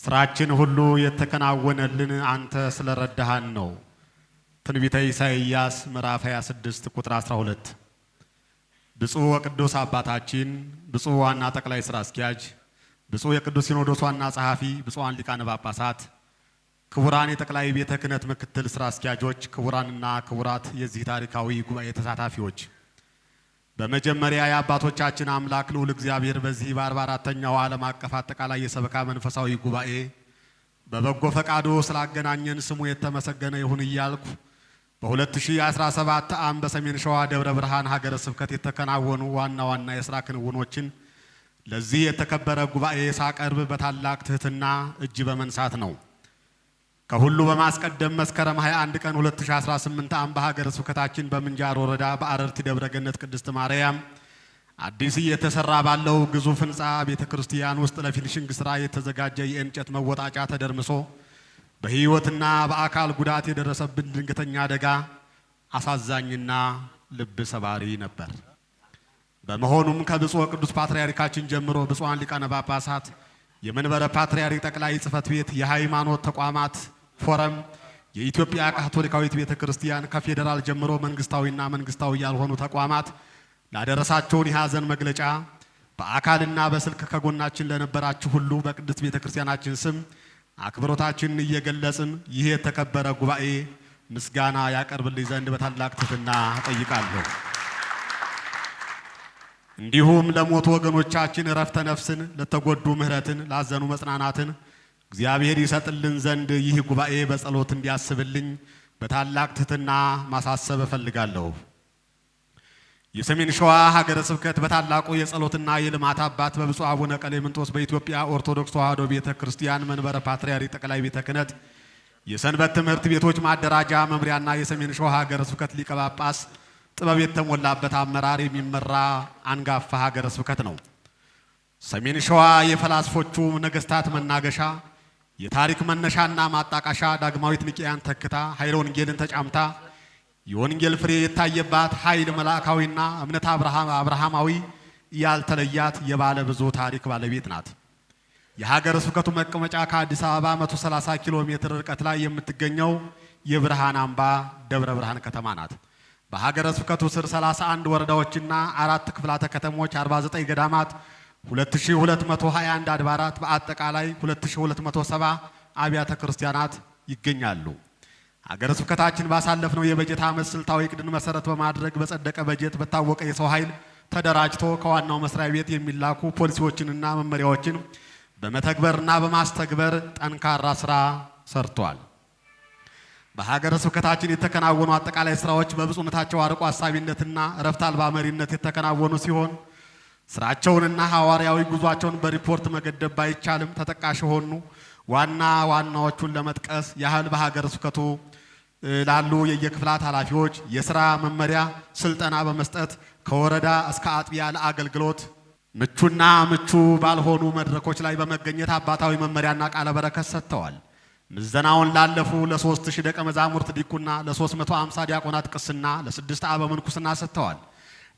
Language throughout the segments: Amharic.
ስራችን ሁሉ የተከናወነልን አንተ ስለረዳሃን ነው። ትንቢተ ኢሳይያስ ምዕራፍ 26 ቁጥር 12 ብፁዕ ወቅዱስ አባታችን፣ ብፁዕ ዋና ጠቅላይ ስራ አስኪያጅ፣ ብፁዕ የቅዱስ ሲኖዶስ ዋና ጸሐፊ፣ ብፁዓን ሊቃነ ጳጳሳት፣ ክቡራን የጠቅላይ ቤተ ክህነት ምክትል ስራ አስኪያጆች፣ ክቡራንና ክቡራት የዚህ ታሪካዊ ጉባኤ ተሳታፊዎች በመጀመሪያ የአባቶቻችን አምላክ ልዑል እግዚአብሔር በዚህ በአርባ አራተኛው ዓለም አቀፍ አጠቃላይ የሰበካ መንፈሳዊ ጉባኤ በበጎ ፈቃዱ ስላገናኘን ስሙ የተመሰገነ ይሁን እያልኩ በ2017 ዓ.ም በሰሜን ሸዋ ደብረ ብርሃን ሀገረ ስብከት የተከናወኑ ዋና ዋና የሥራ ክንውኖችን ለዚህ የተከበረ ጉባኤ ሳቀርብ በታላቅ ትህትና እጅ በመንሳት ነው። ከሁሉ በማስቀደም መስከረም 21 ቀን 2018 ዓ.ም በሀገረ ስብከታችን በምንጃር ወረዳ በአረርቲ ደብረ ገነት ቅድስት ማርያም አዲስ እየተሰራ ባለው ግዙፍ ህንፃ ቤተ ክርስቲያን ውስጥ ለፊኒሽንግ ስራ የተዘጋጀ የእንጨት መወጣጫ ተደርምሶ በሕይወትና በአካል ጉዳት የደረሰብን ድንገተኛ አደጋ አሳዛኝና ልብ ሰባሪ ነበር። በመሆኑም ከብፁዕ ቅዱስ ፓትርያርካችን ጀምሮ ብፁዓን ሊቃነ ጳጳሳት፣ የመንበረ ፓትርያርክ ጠቅላይ ጽሕፈት ቤት፣ የሃይማኖት ተቋማት ፎረም፣ የኢትዮጵያ ካቶሊካዊት ቤተ ክርስቲያን ከፌዴራል ጀምሮ መንግስታዊና መንግስታዊ ያልሆኑ ተቋማት ላደረሳቸውን የሐዘን መግለጫ በአካልና በስልክ ከጎናችን ለነበራችሁ ሁሉ በቅድስት ቤተ ክርስቲያናችን ስም አክብሮታችንን እየገለጽን ይህ የተከበረ ጉባኤ ምስጋና ያቀርብልኝ ዘንድ በታላቅ ትህትና እጠይቃለሁ። እንዲሁም ለሞቱ ወገኖቻችን እረፍተ ነፍስን፣ ለተጎዱ ምሕረትን፣ ላዘኑ መጽናናትን እግዚአብሔር ይሰጥልን ዘንድ ይህ ጉባኤ በጸሎት እንዲያስብልኝ በታላቅ ትህትና ማሳሰብ እፈልጋለሁ። የሰሜን ሸዋ ሀገረ ስብከት በታላቁ የጸሎትና የልማት አባት በብፁዕ አቡነ ቀሌምንጦስ በኢትዮጵያ ኦርቶዶክስ ተዋሕዶ ቤተ ክርስቲያን መንበረ ፓትርያርክ ጠቅላይ ቤተ ክህነት የሰንበት ትምህርት ቤቶች ማደራጃ መምሪያና የሰሜን ሸዋ ሀገረ ስብከት ሊቀ ጳጳስ ጥበብ የተሞላበት አመራር የሚመራ አንጋፋ ሀገረ ስብከት ነው። ሰሜን ሸዋ የፈላስፎቹ ነገስታት መናገሻ፣ የታሪክ መነሻና ማጣቃሻ ዳግማዊት ንቅያን ተክታ ኃይለ ወንጌልን ተጫምታ የወንጌል ፍሬ የታየባት ኃይል መልአካዊና እምነት አብርሃማዊ ያልተለያት የባለ ብዙ ታሪክ ባለቤት ናት። የሀገረ ስብከቱ መቀመጫ ከአዲስ አበባ 130 ኪሎ ሜትር ርቀት ላይ የምትገኘው የብርሃን አምባ ደብረ ብርሃን ከተማ ናት። በሀገረ ስብከቱ ስር 31 ወረዳዎችና አራት ክፍላተ ከተሞች 49 ገዳማት 2221 አድባራት በአጠቃላይ 2270 አብያተ ክርስቲያናት ይገኛሉ። አገረ ስብከታችን ባሳለፍነው የበጀት ዓመት ስልታዊ እቅድን መሰረት በማድረግ በጸደቀ በጀት በታወቀ የሰው ኃይል ተደራጅቶ ከዋናው መስሪያ ቤት የሚላኩ ፖሊሲዎችንና መመሪያዎችን በመተግበርና በማስተግበር ጠንካራ ስራ ሰርቷል። በሀገረ ስብከታችን የተከናወኑ አጠቃላይ ስራዎች በብፁዕነታቸው አርቆ አሳቢነትና እረፍት አልባ መሪነት የተከናወኑ ሲሆን ስራቸውንና ሐዋርያዊ ጉዟቸውን በሪፖርት መገደብ ባይቻልም ተጠቃሽ ሆኑ ዋና ዋናዎቹን ለመጥቀስ ያህል በሀገረ ስብከቱ ላሉ የየክፍላት ኃላፊዎች የስራ መመሪያ ስልጠና በመስጠት ከወረዳ እስከ አጥቢያ ለአገልግሎት ምቹና ምቹ ባልሆኑ መድረኮች ላይ በመገኘት አባታዊ መመሪያና ቃለ በረከት ሰጥተዋል። ምዘናውን ላለፉ ለ3000 ደቀ መዛሙርት ዲቁና፣ ለ350 ዲያቆናት ቅስና፣ ለ ለስድስት አበምንኩስና ሰጥተዋል።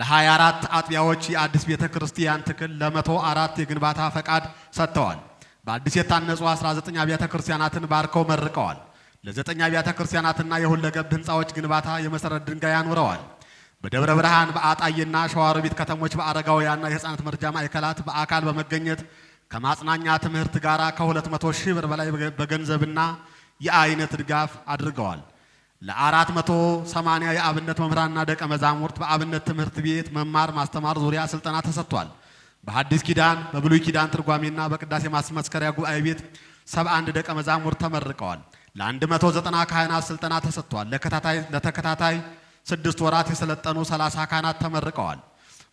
ለ24 አጥቢያዎች የአዲስ ቤተ ክርስቲያን ትክል፣ ለ104 የግንባታ ፈቃድ ሰጥተዋል። በአዲስ የታነጹ 19 አብያተ ክርስቲያናትን ባርከው መርቀዋል። ለዘጠኝ አብያተ ክርስቲያናትና የሁለገብ ህንፃዎች ግንባታ የመሰረት ድንጋይ አኑረዋል። በደብረ ብርሃን በአጣይና ሸዋሮቢት ከተሞች በአረጋውያንና የህፃናት መርጃ ማዕከላት በአካል በመገኘት ከማጽናኛ ትምህርት ጋር ከ200 ሺህ ብር በላይ በገንዘብና የአይነት ድጋፍ አድርገዋል። ለ480 የአብነት መምህራንና ደቀ መዛሙርት በአብነት ትምህርት ቤት መማር ማስተማር ዙሪያ ስልጠና ተሰጥቷል። በሐዲስ ኪዳን በብሉይ ኪዳን ትርጓሜና በቅዳሴ ማስመስከሪያ ጉባኤ ቤት 71 ደቀ መዛሙር ተመርቀዋል። ለ190 ካህናት ስልጠና ተሰጥቷል። ለተከታታይ ስድስት ወራት የሰለጠኑ 30 ካህናት ተመርቀዋል።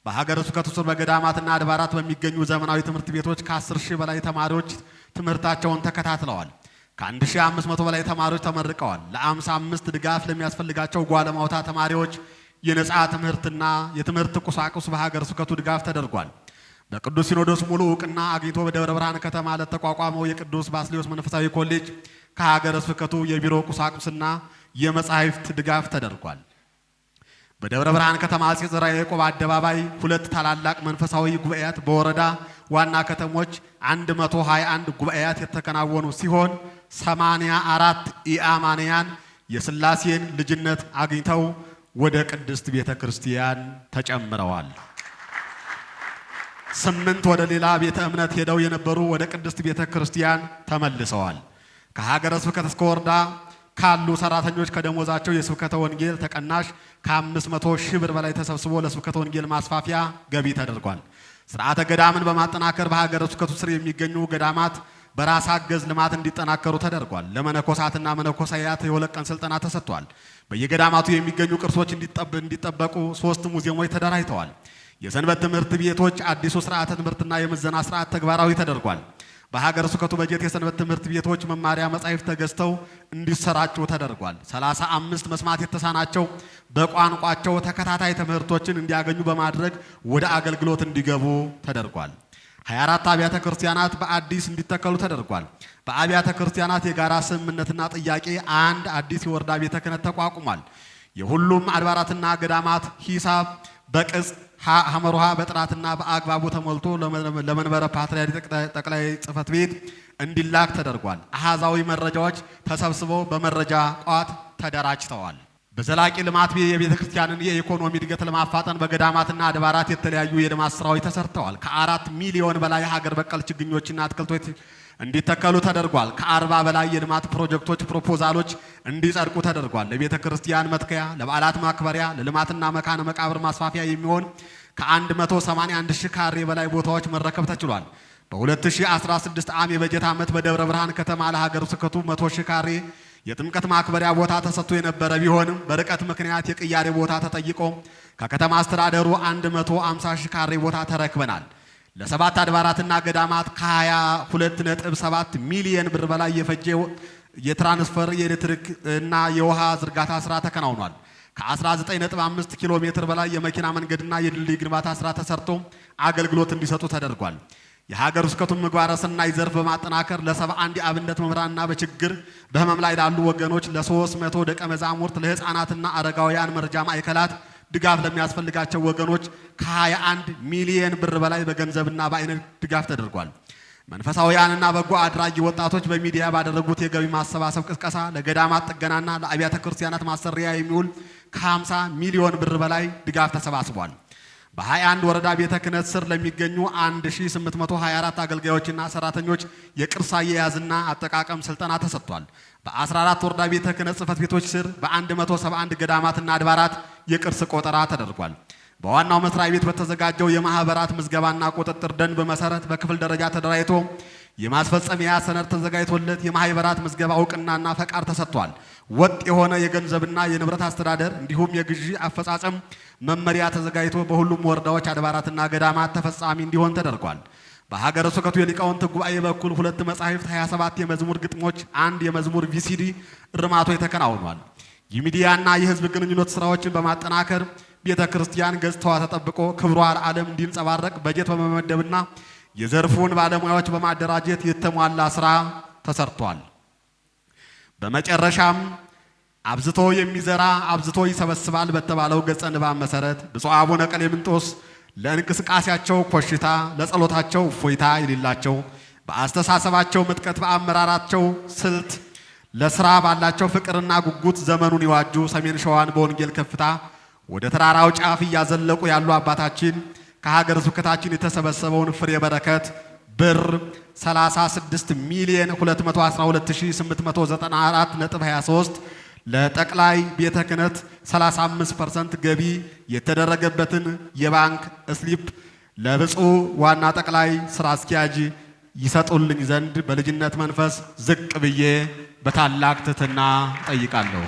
በሀገረ ስብከቱ ስር በገዳማትና አድባራት በሚገኙ ዘመናዊ ትምህርት ቤቶች ከ10 ሺህ በላይ ተማሪዎች ትምህርታቸውን ተከታትለዋል። ከ1500 በላይ ተማሪዎች ተመርቀዋል። ለ55 ድጋፍ ለሚያስፈልጋቸው ጓለማውታ ተማሪዎች የነጻ ትምህርትና የትምህርት ቁሳቁስ በሀገረ ስብከቱ ድጋፍ ተደርጓል። በቅዱስ ሲኖዶስ ሙሉ እውቅና አግኝቶ በደብረ ብርሃን ከተማ ለተቋቋመው የቅዱስ ባስሌዎስ መንፈሳዊ ኮሌጅ ከሀገረ ስብከቱ የቢሮ ቁሳቁስና የመጻሕፍት ድጋፍ ተደርጓል። በደብረ ብርሃን ከተማ አፄ ዘርዓ ያዕቆብ አደባባይ ሁለት ታላላቅ መንፈሳዊ ጉባኤያት በወረዳ ዋና ከተሞች 121 ጉባኤያት የተከናወኑ ሲሆን 84 ኢአማንያን የሥላሴን ልጅነት አግኝተው ወደ ቅድስት ቤተ ክርስቲያን ተጨምረዋል። ስምንት ወደ ሌላ ቤተ እምነት ሄደው የነበሩ ወደ ቅድስት ቤተ ክርስቲያን ተመልሰዋል። ከሀገረ ስብከት እስከ ወረዳ ካሉ ሰራተኞች ከደሞዛቸው የስብከተ ወንጌል ተቀናሽ ከ500 ሺህ ብር በላይ ተሰብስቦ ለስብከተ ወንጌል ማስፋፊያ ገቢ ተደርጓል። ስርዓተ ገዳምን በማጠናከር በሀገረ ስብከቱ ስር የሚገኙ ገዳማት በራስ አገዝ ልማት እንዲጠናከሩ ተደርጓል። ለመነኮሳትና መነኮሳያት የሁለት ቀን ስልጠና ተሰጥቷል። በየገዳማቱ የሚገኙ ቅርሶች እንዲጠበቁ ሶስት ሙዚየሞች ተደራጅተዋል። የሰንበት ትምህርት ቤቶች አዲሱ ስርዓተ ትምህርትና የምዘና ስርዓት ተግባራዊ ተደርጓል። በሀገር ስብከቱ በጀት የሰንበት ትምህርት ቤቶች መማሪያ መጻሕፍት ተገዝተው እንዲሰራጩ ተደርጓል። ሰላሳ አምስት መስማት የተሳናቸው በቋንቋቸው ተከታታይ ትምህርቶችን እንዲያገኙ በማድረግ ወደ አገልግሎት እንዲገቡ ተደርጓል። 24 አብያተ ክርስቲያናት በአዲስ እንዲተከሉ ተደርጓል። በአብያተ ክርስቲያናት የጋራ ስምምነትና ጥያቄ አንድ አዲስ የወረዳ ቤተ ክህነት ተቋቁሟል። የሁሉም አድባራትና ገዳማት ሂሳብ በቅጽ ሐመሩሃ በጥራትና በአግባቡ ተሞልቶ ለመንበረ ፓትርያርክ ጠቅላይ ጽህፈት ቤት እንዲላክ ተደርጓል። አሃዛዊ መረጃዎች ተሰብስበው በመረጃ ቋት ተደራጅተዋል። በዘላቂ ልማት የቤተ ክርስቲያንን የኢኮኖሚ እድገት ለማፋጠን በገዳማትና አድባራት የተለያዩ የልማት ስራዎች ተሰርተዋል። ከአራት ሚሊዮን በላይ ሀገር በቀል ችግኞችና አትክልቶች እንዲተከሉ ተደርጓል። ከአርባ በላይ የልማት ፕሮጀክቶች ፕሮፖዛሎች እንዲጸድቁ ተደርጓል። ለቤተ ክርስቲያን መትከያ፣ ለበዓላት ማክበሪያ፣ ለልማትና መካነ መቃብር ማስፋፊያ የሚሆን ከ181 ሺህ ካሬ በላይ ቦታዎች መረከብ ተችሏል። በ2016 ዓ.ም የበጀት ዓመት በደብረ ብርሃን ከተማ ለሀገር ስብከቱ 100 ሺህ ካሬ የጥምቀት ማክበሪያ ቦታ ተሰጥቶ የነበረ ቢሆንም በርቀት ምክንያት የቅያሬ ቦታ ተጠይቆ ከከተማ አስተዳደሩ 150 ሺህ ካሬ ቦታ ተረክበናል። ለሰባት አድባራትና ገዳማት ከ22.7 ሚሊየን ብር በላይ የፈጀው የትራንስፈር የኤሌክትሪክ እና የውሃ ዝርጋታ ስራ ተከናውኗል። ከ19.5 ኪሎ ሜትር በላይ የመኪና መንገድና የድልድይ ግንባታ ስራ ተሰርቶ አገልግሎት እንዲሰጡ ተደርጓል። የሀገር ስብከቱን ምግባረ ሰናይ ዘርፍ በማጠናከር ለ71 የአብነት መምህራንና በችግር በህመም ላይ ላሉ ወገኖች፣ ለ300 ደቀ መዛሙርት፣ ለህፃናትና አረጋውያን መርጃ ማዕከላት ድጋፍ ለሚያስፈልጋቸው ወገኖች ከ21 ሚሊየን ብር በላይ በገንዘብና በአይነት ድጋፍ ተደርጓል። መንፈሳውያንና በጎ አድራጊ ወጣቶች በሚዲያ ባደረጉት የገቢ ማሰባሰብ ቅስቀሳ ለገዳማት ጥገናና ለአብያተ ክርስቲያናት ማሰሪያ የሚውል ከ50 ሚሊዮን ብር በላይ ድጋፍ ተሰባስቧል። በ21 ወረዳ ቤተ ክህነት ስር ለሚገኙ 1824 አገልጋዮችና ሰራተኞች የቅርስ አያያዝና አጠቃቀም ስልጠና ተሰጥቷል። በ14 ወረዳ ቤተ ክህነት ጽሕፈት ቤቶች ስር በ171 ገዳማትና አድባራት የቅርስ ቆጠራ ተደርጓል። በዋናው መስሪያ ቤት በተዘጋጀው የማህበራት ምዝገባና ቁጥጥር ደንብ መሰረት በክፍል ደረጃ ተደራጅቶ የማስፈጸሚያ ሰነድ ተዘጋጅቶለት የማህበራት ምዝገባ እውቅናና ፈቃድ ተሰጥቷል። ወጥ የሆነ የገንዘብና የንብረት አስተዳደር እንዲሁም የግዢ አፈጻጸም መመሪያ ተዘጋጅቶ በሁሉም ወረዳዎች አድባራትና ገዳማት ተፈጻሚ እንዲሆን ተደርጓል። በሀገረ ስብከቱ የሊቃውንት ጉባኤ በኩል ሁለት መጻሕፍት፣ 27 የመዝሙር ግጥሞች፣ አንድ የመዝሙር ቪሲዲ እርማቶ ተከናውኗል። የሚዲያና የህዝብ ግንኙነት ስራዎችን በማጠናከር ቤተ ክርስቲያን ገጽታዋ ተጠብቆ ክብሯ ለዓለም እንዲንጸባረቅ በጀት በመመደብና የዘርፉን ባለሙያዎች በማደራጀት የተሟላ ስራ ተሰርቷል። በመጨረሻም አብዝቶ የሚዘራ አብዝቶ ይሰበስባል በተባለው ገጸ ንባብ መሰረት ብፁዕ አቡነ ቀሌምንጦስ ለእንቅስቃሴያቸው ኮሽታ፣ ለጸሎታቸው እፎይታ የሌላቸው በአስተሳሰባቸው ምጥቀት፣ በአመራራቸው ስልት፣ ለስራ ባላቸው ፍቅርና ጉጉት ዘመኑን የዋጁ ሰሜን ሸዋን በወንጌል ከፍታ ወደ ተራራው ጫፍ እያዘለቁ ያሉ አባታችን ከሀገር ስብከታችን የተሰበሰበውን ፍሬ በረከት ብር 36 ሚሊዮን 212894.23 ለጠቅላይ ቤተ ክህነት 35% ገቢ የተደረገበትን የባንክ ስሊፕ ለብፁዕ ዋና ጠቅላይ ስራ አስኪያጅ ይሰጡልኝ ዘንድ በልጅነት መንፈስ ዝቅ ብዬ በታላቅ ትህትና ጠይቃለሁ።